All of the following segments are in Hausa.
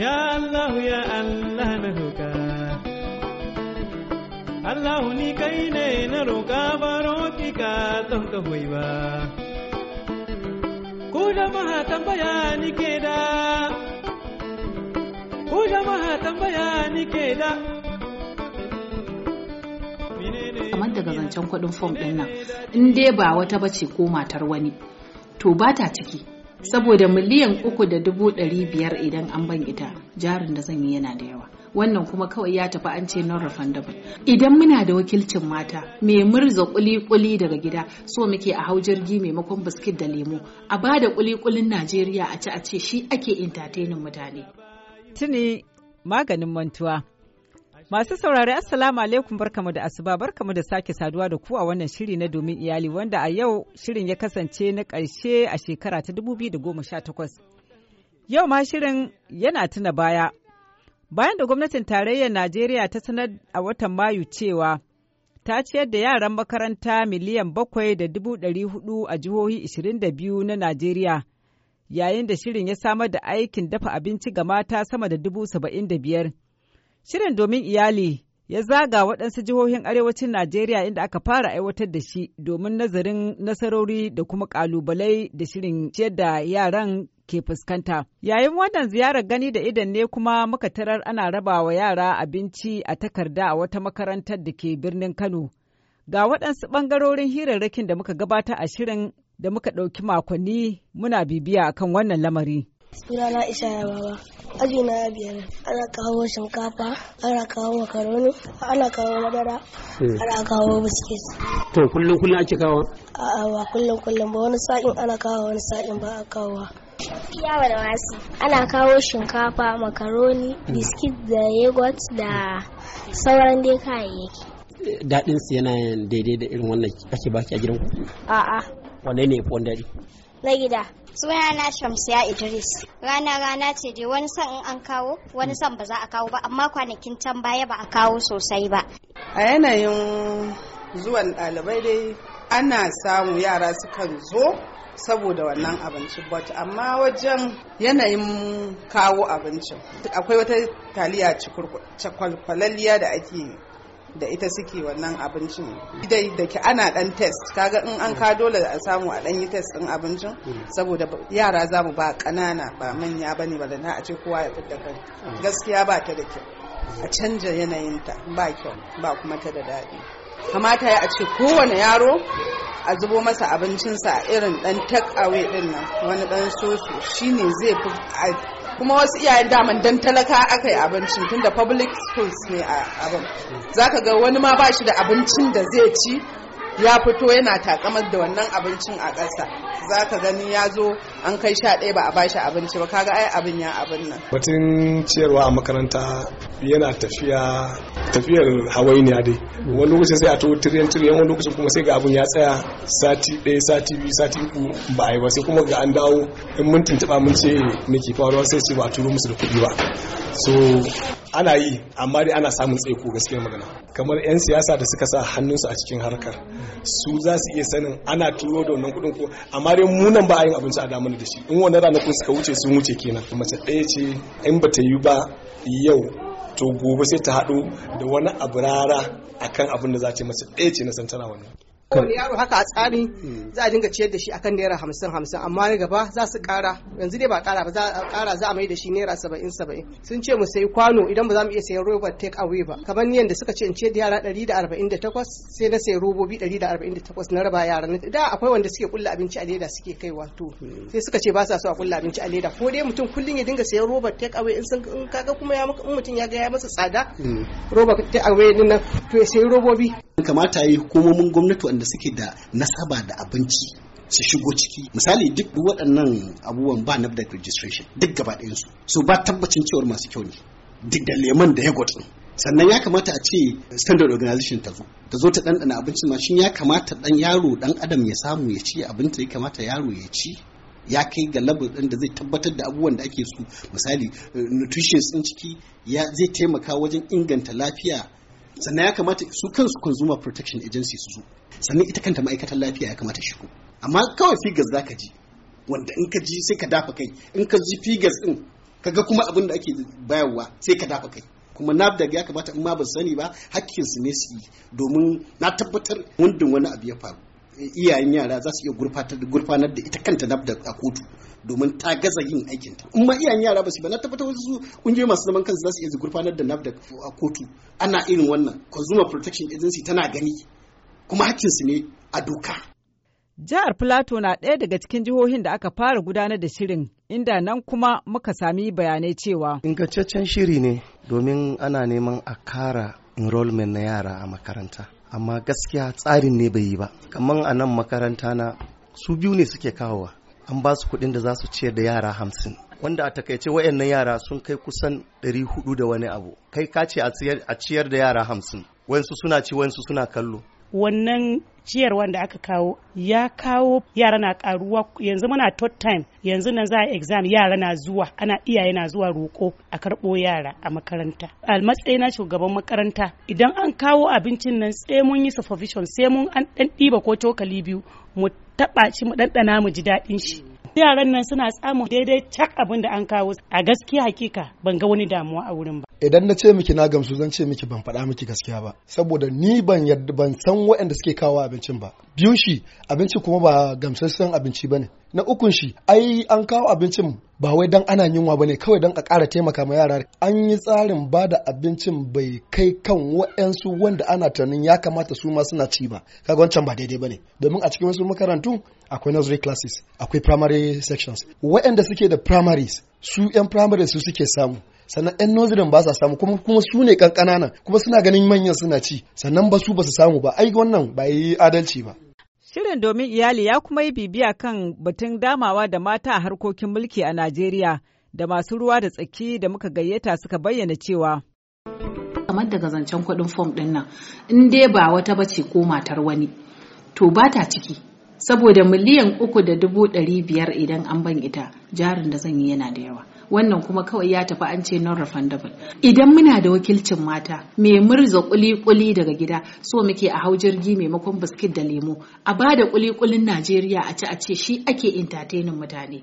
Ya Allah ya Allah na roƙa Allah ni kai ne na roƙa baro ki ka don ka hoyi ba Ku jama'a tambaya ni ke da Ku jama'a tambaya ni ke da Kamar daga zancen kuɗin fom ɗin nan in dai ba wata bace ko matar wani to ba ta ciki saboda miliyan uku da dubu ɗari biyar idan an ban ita jarin da zan yi yana da yawa wannan kuma kawai ya tafi an ce non refundable idan muna da wakilcin mata mai murza kuli daga gida so muke a hau jirgi maimakon biskit da lemo a ba da kuli najeriya a ci a ce shi ake entertaining mutane tuni maganin mantuwa Masu saurari Assalamu alaikum barkamu da asuba barkamu da sake saduwa da ku a wannan shiri na domin iyali wanda a yau shirin ya kasance na ƙarshe a shekara ta 2018. Yau ma shirin yana tuna baya. Bayan da gwamnatin tarayyar Najeriya ta sanar a watan Mayu cewa ta ciyar da yaran makaranta miliyan bakwai da dubu ɗari hudu a jihohi ishirin da biyu na Najeriya, yayin da shirin ya samar da aikin dafa abinci ga mata sama da dubu saba'in da biyar. Shirin domin iyali ya zaga waɗansu jihohin arewacin Najeriya inda aka fara aiwatar da shi domin nazarin nasarori da kuma kalubalai da shirin ciyar da yaran ke fuskanta. Yayin wannan ziyarar gani da idan ne kuma muka tarar ana raba wa yara abinci a takarda a wata makarantar da ke birnin Kano. Ga waɗansu ɓangarorin hirarrakin da muka gabata a shirin da muka ɗauki makonni muna bibiya akan wannan lamari. Sunana Isha Yababa. Aji na biyar. Ana kawo shinkafa, ana kawo makaroni, ana kawo madara, eh. ana kawo biskit. To kullum kullum ake kawo? A'a ba kullum kullum ba wani sa'in ana kawo wani sa'in ba a kawo. Yawa da wasu. Ana kawo shinkafa, makaroni, hmm. biskit da yogurt da sauran dai kayayyaki. Eh, daɗinsu yana daidai da irin wannan ake baki a gidan ku. A'a. Wanne ne ya fi wani daɗi? na gida. Suna na Shamsiya Idris. Rana rana ce dai wani san in an kawo, wani san ba za a kawo ba, amma kwanakin can baya ba a kawo sosai ba. A yanayin zuwan ɗalibai dai ana samu yara sukan zo saboda wannan abincin but amma wajen yanayin kawo abincin akwai wata taliya cakwalkwalaliya da ake da ita suke wannan abincin dai da ke ana dan test kaga in an ka dole a samu a dan yi test din abincin saboda yara za mu ba kanana ba manya bane ba na a ce kowa ya fita kan gaskiya ba ta da kyau a canja yanayinta ba kyau ba kuma ta da daɗi kamata ya a ce kowane yaro a zubo masa abincinsa a irin dan takawai din nan wani dan soso shine zai fi kuma wasu iyayen daman dan talaka aka yi abincin da public schools ne a abin zaka ga wani ma ba shi da abincin da zai ci ya fito yana takamar da wannan abincin a ƙasa za ka gani ya zo an kai sha ɗaya ba a bashi abinci ba kaga ai abin ya abin nan batun ciyarwa a makaranta yana tafiya tafiyar hawainiya dai wani lokacin sai a to tiriyan tiriyan wani lokacin kuma sai ga abin ya tsaya sati ɗaya sati biyu sati uku ba a yi ba sai kuma ga an dawo in mun tuntuɓa mun ce me ke faruwa sai ce ba a turo musu da kuɗi ba so ana yi amma dai ana samun tsaiko gaskiyar magana kamar 'yan siyasa da suka sa hannunsu a cikin harkar su za su iya sanin ana turo da wannan kuɗin ko amma dai munan ba a yin abinci a damar da shi in wani ranakun suka wuce sun wuce kenan mace ɗaya ce in ba ta yi ba yau to gobe sai ta haɗu da wani abu rara akan abin da za ta mace ɗaya ce na santana wannan wani yaro haka a tsari mm. za a dinga ciyar da shi akan naira hamsin hamsin amma na gaba za su kara yanzu dai ba kara ba za a kara za a mai da shi naira saba'in saba'in sun ce mu sayi kwano idan ba za mu iya sayan robot take away ba kamar ni da suka ce in ciyar da yara ɗari da arba'in da takwas sai na sayi robobi ɗari da arba'in da takwas na raba yara da akwai wanda suke kulla abinci a leda suke kai wato mm. sai suka ce ba sa so a kulla abinci a leda ko dai mutum kullum ya dinga sayan robot take away in sun kaga kuma ya mutum ya ga ya masa tsada mm. robot take away din nan to ya sayi robobi kamata yi hukumomin gwamnati waɗanda suke da nasaba da abinci su shigo ciki misali duk waɗannan abubuwan ba na da registration duk gaba ɗayansu so ba tabbacin cewar masu kyau ne duk da leman da ya sannan ya kamata a ce standard organization ta zo ta zo ta ɗanɗana abincin ma shin ya kamata ɗan yaro ɗan adam ya samu ya ci abin ya kamata yaro ya ci ya kai ga labar ɗin da zai tabbatar da abubuwan da ake so misali nutrition ɗin ciki ya zai taimaka wajen inganta lafiya sannan ya kamata su kansu Zuma protection agency su zo sannan ita kanta ma'aikatan lafiya ya kamata shigo amma kawai figas za ka ji wanda in ka ji sai ka dafa kai in ka ji figas din ga kuma abin da ake bayarwa sai ka dafa kai kuma nafdag ya kamata in ma ba sani ba hakkin su ne su yi domin na tabbatar wundin wani abu ya faru iyayen yara za su iya gurfanar da ita kanta nafda a kotu domin ta gaza yin aikinta ta ma iyayen yara ba su ba na tabbatar wasu kungiyoyi masu zaman kansu za su iya gurfanar da nafda a kotu ana irin wannan consumer protection agency tana gani kuma hakkinsu ne a doka Jihar Filato na ɗaya daga cikin jihohin da aka fara gudanar da shirin, inda nan kuma muka sami bayanai cewa. Ingantaccen shiri ne domin ana neman a kara enrollment na yara a makaranta. amma gaskiya tsarin ne bai yi ba kamar a nan makaranta na su biyu ne suke kawowa an ba su kuɗin da za su ciyar da yara hamsin wanda a takaice wayannan yara sun kai kusan 400 da wani abu kai ka ce a ciyar da yara hamsin wayansu suna ci wayansu suna kallo wannan ciyarwan da aka kawo ya kawo yara na karuwa yanzu muna tot time yanzu nan za a exam yara na zuwa ana iyaye na zuwa roko a karɓo yara a makaranta a matsayina shugaban makaranta idan an kawo abincin nan sai mun yi supervision sai mun an ɗan ɗiba ko cokali biyu mu taɓa shi mu ɗanɗana mu ji daɗin shi yaran nan suna samun daidai cak abin da an kawo a gaskiya hakika ban ga wani damuwa a wurin ba idan na ce miki na gamsu zan ce miki ban faɗa miki gaskiya ba saboda ni ban yadda ban san waɗanda suke kawo abincin ba biyu shi abinci kuma ba gamsassan abinci ba ne. na ukun shi ai an kawo abincin ba wai dan ana yunwa bane kawai dan a ƙara taimaka ma yara an yi tsarin ba da abincin bai kai kan waɗansu wanda ana tunanin ya kamata su ma suna ci ba kaga wancan ba daidai bane domin a cikin wasu makarantu akwai nursery classes akwai primary sections waɗanda suke da primaries su yan primaries su suke samu sannan yan nursery ba sa samu kuma kuma su ne kankananan kuma suna ganin manyan suna ci sannan ba su ba su samu ba ai wannan ba yi adalci ba Shirin domin iyali ya kuma yi bibiya kan batun damawa da mata a harkokin mulki a Najeriya da masu ruwa da tsaki da muka gayyata suka bayyana cewa. Kamar daga zancen kuɗin fom ɗin nan, in dai ba wata bace ko matar wani, to ba ta ciki. Saboda miliyan uku da dubu ɗari biyar idan an ban ita, jarin da zan yi yana da yawa. wannan kuma kawai ya tafi an ce non refundable idan muna da wakilcin mata me murza kuli daga gida so muke a hau jirgi maimakon biskit da lemo a bada kuli-kulin Najeriya a ci a ce shi ake entertainin mutane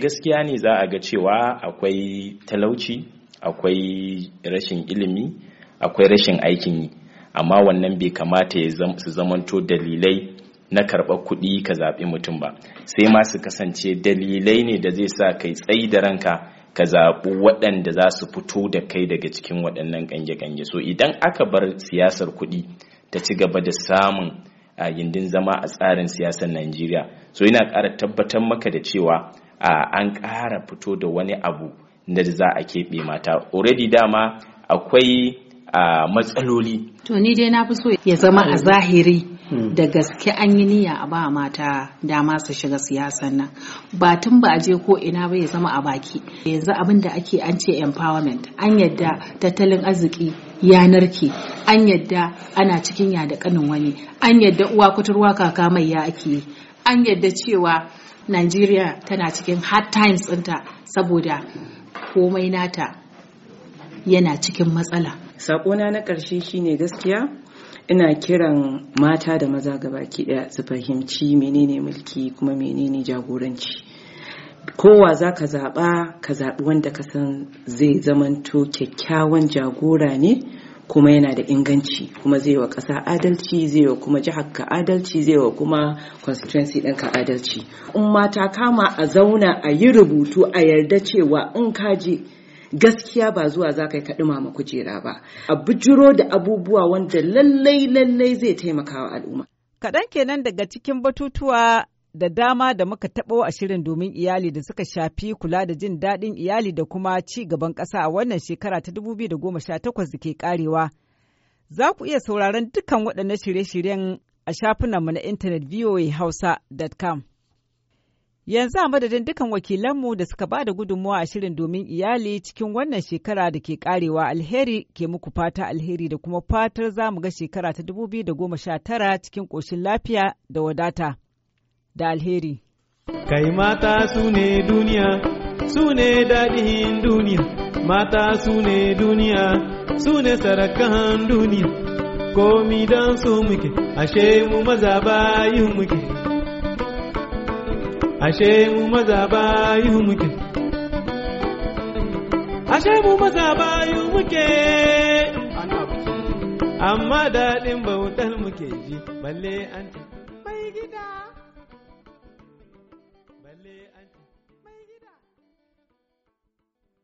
gaskiya ne za a ga cewa akwai talauci akwai rashin ilimi akwai rashin aikin yi amma wannan bai kamata su zamanto dalilai na karɓar kuɗi ka zaɓi mutum ba sai ma su kasance dalilai ne da zai sa kai tsayi da ranka ka zaɓi waɗanda za su fito da kai daga cikin waɗannan ƙange-ƙange so idan aka bar siyasar kuɗi ta ci gaba da samun a zama a tsarin siyasar Najeriya so yana ƙara tabbatar maka da cewa an ƙara fito da wani abu da za a keɓe mata already dama akwai a matsaloli to ni dai na fi so ya zama a zahiri hmm. da gaske an yi niyya a ba mata dama su shiga siyasan nan ba tun ba a je ko ina ba ya zama a baki yanzu abin da ake an ce empowerment an yadda tattalin arziki yanar ke an yadda ana cikin ya da kanin wani an yadda uwa kuturwa kaka mai ya ake yi an yadda cewa Najeriya tana cikin hard times ɗinta saboda komai nata yana cikin matsala. Sakona na ƙarshe shine gaskiya ina kiran mata da maza gabaki ɗaya su fahimci menene mulki kuma menene jagoranci. Kowa za ka zaɓa ka zaɓi wanda ka san zai zamanto kyakkyawan jagora ne kuma yana da inganci kuma zai wa ƙasa adalci zai wa kuma jihar ka adalci zai wa kuma constituency ɗin ka adalci in mata kama a zauna a yi rubutu a yarda cewa in ka je gaskiya ba zuwa za ka yi ma kujera ba a bijiro da abubuwa wanda lallai lallai zai taimaka wa al'umma. Kaɗan kenan daga cikin batutuwa da dama da muka taɓo a shirin domin iyali da suka shafi kula da jin daɗin iyali da kuma ci gaban ƙasa a wannan shekara ta 2018 da goma sha ke ƙarewa. Za ku iya sauraron dukkan waɗannan shirye-shiryen a shafinanmu na intanet voahausa.com. Yanzu a madadin dukan wakilanmu da suka ba da gudunmawa a shirin domin iyali cikin wannan shekara da ke karewa alheri ke muku fata alheri da kuma fatar za mu ga shekara ta 2019 cikin ƙoshin lafiya da wadata da alheri. Kai mata su ne duniya, su ne daɗin duniya, mata su ne duniya, su ne duniya, komi don su muke, ashe mu maza bayin muke. ashe mu maza yi muke ashe mu maza yi muke amma daɗin bautar muke ji balle an tafi